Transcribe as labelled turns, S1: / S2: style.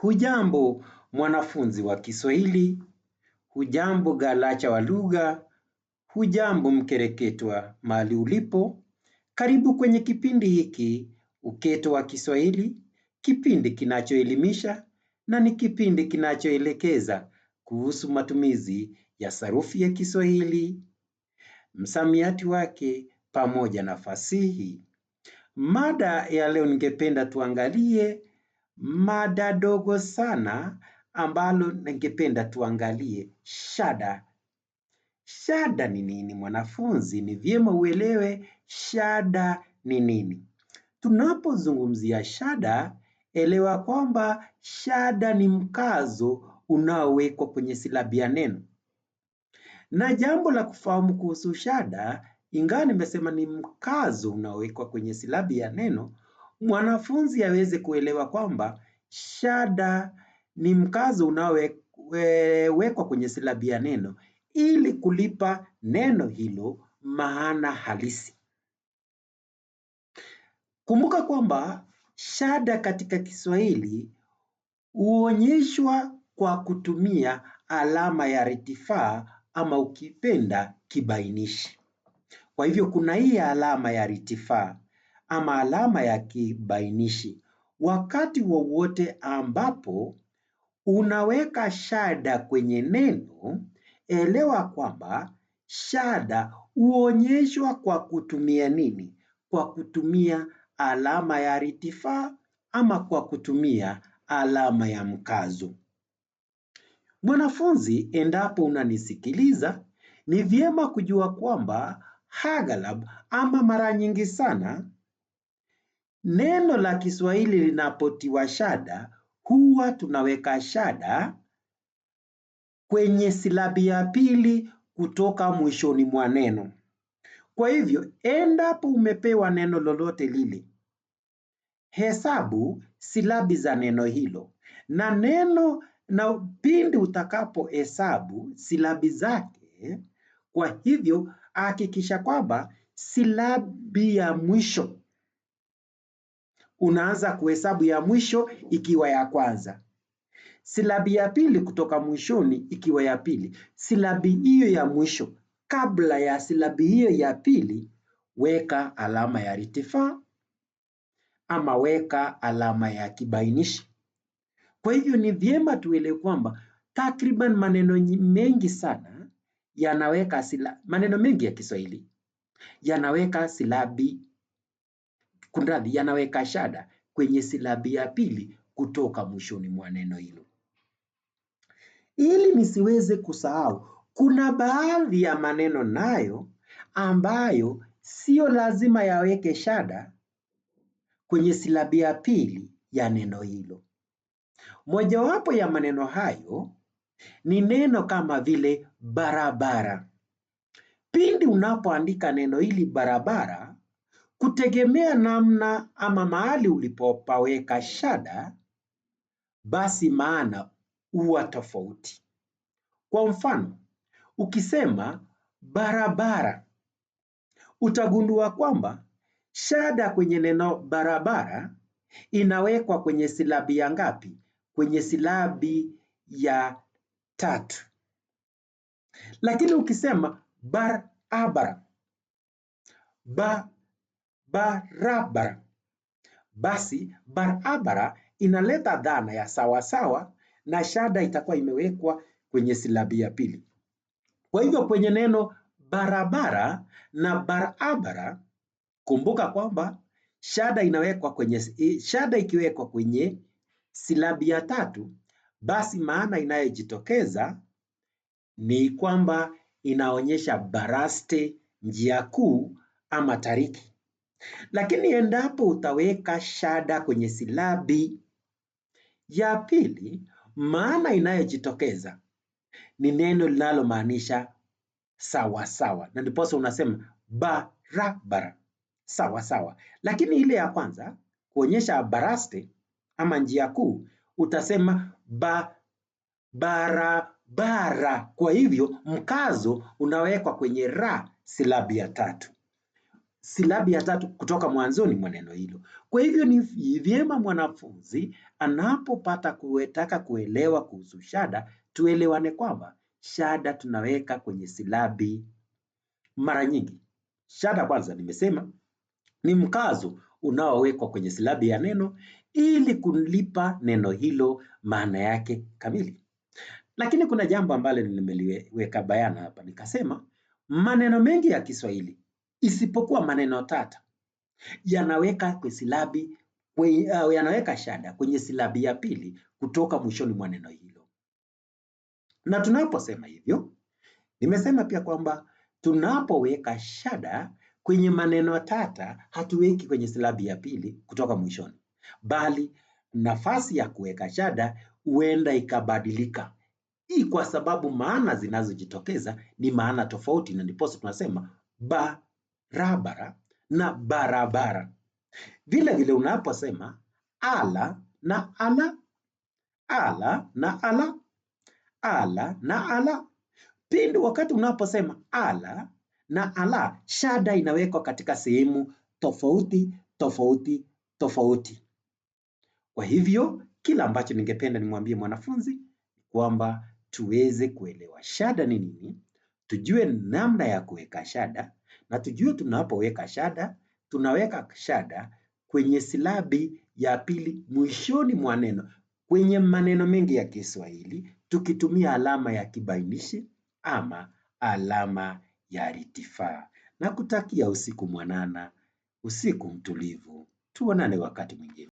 S1: Hujambo mwanafunzi wa Kiswahili, hujambo galacha wa lugha, hujambo mkereketwa mahali ulipo. Karibu kwenye kipindi hiki Uketo wa Kiswahili, kipindi kinachoelimisha na ni kipindi kinachoelekeza kuhusu matumizi ya sarufi ya Kiswahili, msamiati wake pamoja na fasihi. Mada ya leo ningependa tuangalie Mada dogo sana ambalo ningependa tuangalie shada. Shada ni nini mwanafunzi? Ni vyema uelewe shada ni nini. Tunapozungumzia shada, elewa kwamba shada ni mkazo unaowekwa kwenye silabi ya neno. Na jambo la kufahamu kuhusu shada, ingawa nimesema ni mkazo unaowekwa kwenye silabi ya neno, mwanafunzi aweze kuelewa kwamba shada ni mkazo unaowekwa kwenye silabi ya neno ili kulipa neno hilo maana halisi. Kumbuka kwamba shada katika Kiswahili huonyeshwa kwa kutumia alama ya ritifaa ama ukipenda kibainishi. Kwa hivyo kuna hii alama ya ritifaa ama alama ya kibainishi wakati wowote ambapo unaweka shada kwenye neno, elewa kwamba shada huonyeshwa kwa kutumia nini? Kwa kutumia alama ya ritifaa ama kwa kutumia alama ya mkazo. Mwanafunzi, endapo unanisikiliza, ni vyema kujua kwamba aghalab ama mara nyingi sana Neno la Kiswahili linapotiwa shada huwa tunaweka shada kwenye silabi ya pili kutoka mwishoni mwa neno. Kwa hivyo endapo umepewa neno lolote lile, hesabu silabi za neno hilo na neno na pindi hesabu silabi zake. Kwa hivyo hakikisha kwamba silabi ya mwisho unaanza kuhesabu ya mwisho ikiwa ya kwanza, silabi ya pili kutoka mwishoni ikiwa ya pili. Silabi hiyo ya mwisho kabla ya silabi hiyo ya pili, weka alama ya ritifaa ama weka alama ya kibainishi. Kwa hivyo ni vyema tuelewe kwamba takriban maneno mengi sana yanaweka sila, maneno mengi ya Kiswahili yanaweka silabi kunradhi, yanaweka shada kwenye silabi ya pili kutoka mwishoni mwa neno hilo. Ili nisiweze kusahau, kuna baadhi ya maneno nayo ambayo sio lazima yaweke shada kwenye silabi ya pili ya neno hilo. Mojawapo ya maneno hayo ni neno kama vile barabara. Pindi unapoandika neno hili barabara kutegemea namna ama mahali ulipopaweka shada, basi maana huwa tofauti. Kwa mfano, ukisema barabara, utagundua kwamba shada kwenye neno barabara inawekwa kwenye silabi ya ngapi? Kwenye silabi ya tatu. Lakini ukisema barabara, ah, ba barabara. Basi barabara inaleta dhana ya sawasawa na shada itakuwa imewekwa kwenye silabi ya pili. Kwa hivyo kwenye neno barabara na barabara, kumbuka kwamba shada inawekwa kwenye eh, shada ikiwekwa kwenye silabi ya tatu, basi maana inayojitokeza ni kwamba inaonyesha baraste, njia kuu ama tariki. Lakini endapo utaweka shada kwenye silabi ya pili, maana inayojitokeza ni neno linalomaanisha sawasawa, na ndiposa unasema barabara, sawa sawa Lakini ile ya kwanza kuonyesha baraste ama njia kuu, utasema ba, barabara. Kwa hivyo mkazo unawekwa kwenye ra silabi ya tatu silabi ya tatu kutoka mwanzoni mwa neno hilo. Kwa hivyo ni vyema mwanafunzi anapopata kuwetaka kuelewa kuhusu shada, tuelewane kwamba shada tunaweka kwenye silabi mara nyingi. Shada kwanza, nimesema ni mkazo unaowekwa kwenye silabi ya neno ili kulipa neno hilo maana yake kamili. Lakini kuna jambo ambalo nimeliweka bayana hapa, nikasema maneno mengi ya Kiswahili isipokuwa maneno tata yanaweka kwa silabi uh, yanaweka shada kwenye silabi ya pili kutoka mwishoni mwa neno hilo. Na tunaposema hivyo, nimesema pia kwamba tunapoweka shada kwenye maneno tata hatuweki kwenye silabi ya pili kutoka mwishoni, bali nafasi ya kuweka shada huenda ikabadilika hii kwa sababu maana zinazojitokeza ni maana tofauti, na ndipo tunasema ba rabara na barabara. Vile vile unaposema ala na ala, ala na ala, ala na ala. Pindi wakati unaposema ala na ala, shada inawekwa katika sehemu tofauti tofauti tofauti. Kwa hivyo kila ambacho ningependa nimwambie mwanafunzi kwamba tuweze kuelewa shada ni nini, tujue namna ya kuweka shada na tujue tunapoweka shada, tunaweka shada kwenye silabi ya pili mwishoni mwa neno. Kwenye maneno mengi ya Kiswahili tukitumia alama ya kibainishi ama alama ya ritifaa. Nakutakia usiku mwanana, usiku mtulivu. Tuonane wakati mwingine.